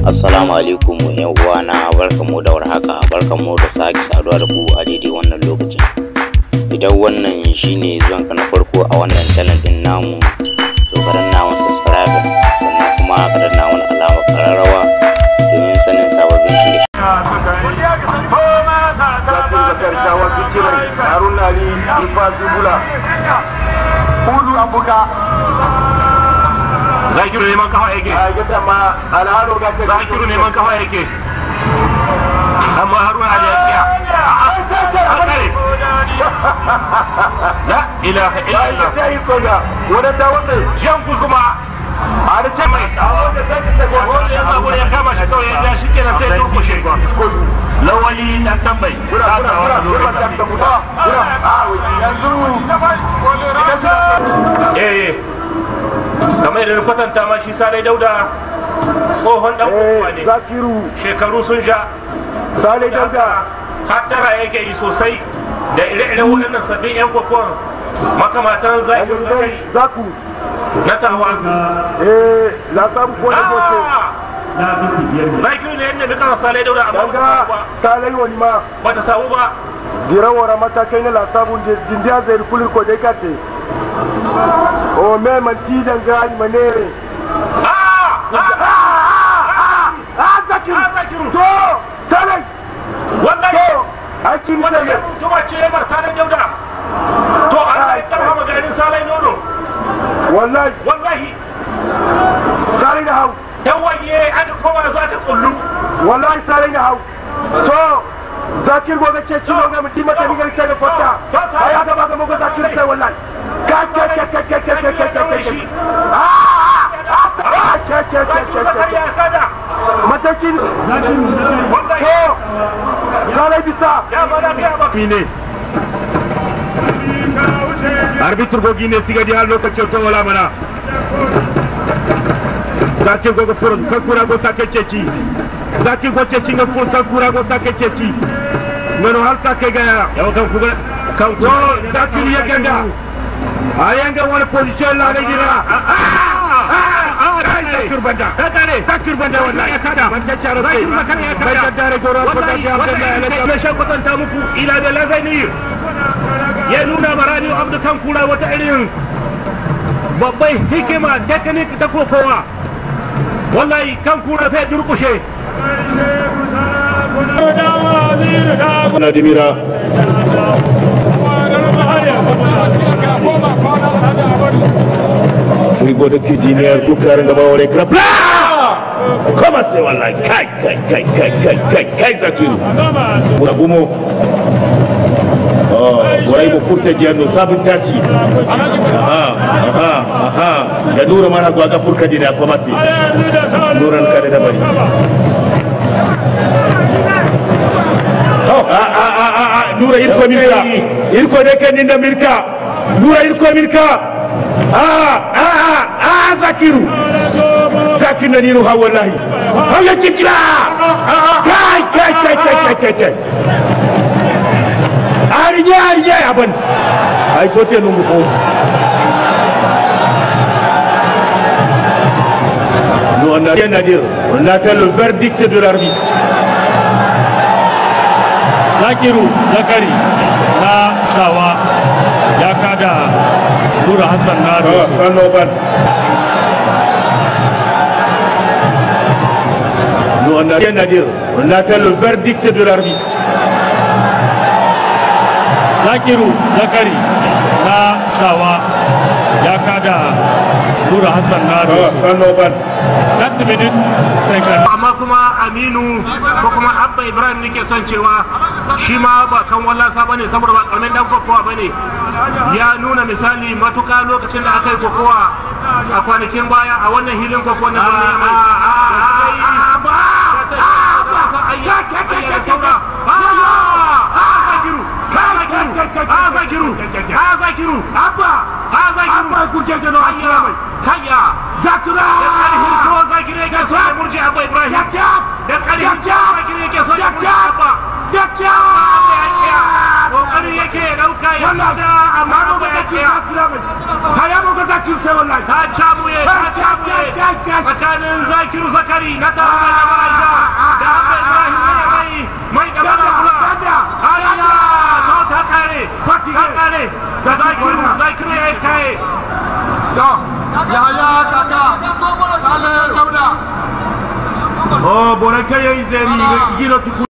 Assalamu alaikum yan uwana mu da warhaka mu da sake saduwa da ku a daidai wannan lokacin. Idan wannan shine zuwan ka na farko a wannan channel din namu to karan na wani subscribe sannan kuma karan na wani alama kararrawa domin sanin sababbin shi. Haruna Ali Ifa Zubula. Hudu, Abuka. zakiru neman kafa yake zakiru neman kafa yake amma haruna ya tsaya hakare la ilaha jan a da ce mai wanda ya ya kama shi kawai shi kenan sai lawali tambayi yanzu eh, eh. kamar yadda kwatanta ma shi salai dauda tsohon dan eh, uwa ne shekaru sun sha salai dauda hattara yake yi sosai da ire-iren waɗannan sabbin 'yan kokon makamatan zakiru zakari na tawa eh la samu ko ne ah! zakiru ne yadda duka salai dauda amma ba ta salai wani ma ba ta samu ba dirawara matakai na lasabun jindiya zai kulir ko dai kate o me man tijan gani manere a ah! a ah! salai ah! to salai wallahi wallahi da hau salai to zakir gobe ce ciwo ga mutum mata bigar ta da kwata ai haka ba ga zakir sai wallahi matacin ko zalai ne arbitr gogi ne siga di har lokacin ta wala mana zakin gogo furo kan go sake ceci zakin go furo go gaya a yankan wani position la de gira zakir ya nuna kura wata hikima ta durkushe rigo da kijiniyar dukkanin gaba wale kira kama sai wallahi kai kai kai kai kai kai kai da ah, nura mana oh, ah, ah, nura irko mirka mirka nura zakiru zakiru na ninu ha wallahi haya cikira kai kai kai kai kai kai kai arje arje aban ai fote no mu fo nous on n'a rien à dire on attend le verdict de l'arbitre zakiru zakari na tawa ya kada nura hassan na da su nous on n'a rien à dire on attend le verdict de l'arbitre zakiru zakari na kawa ya kada nura hassan na da su 30 minutes 50 amma kuma aminu ko kuma abba ibrahim nake son cewa shi ma ba kan wallasa bane saboda ba karamin dan kokowa bane ya nuna misali matuka lokacin da aka yi kokowa a kwanakin baya a wannan hilin kokowa na birnin yamai Zakira! Da ƙarfin ko zakire ga sun da murji Abba Ibrahim! Da ƙarfin sai wallahi ta cabuye ta tsakanin zakiru zakari na tarabar da baraja da haka ibrahim mai mai mai kula ta zakiru zakiru ya kaka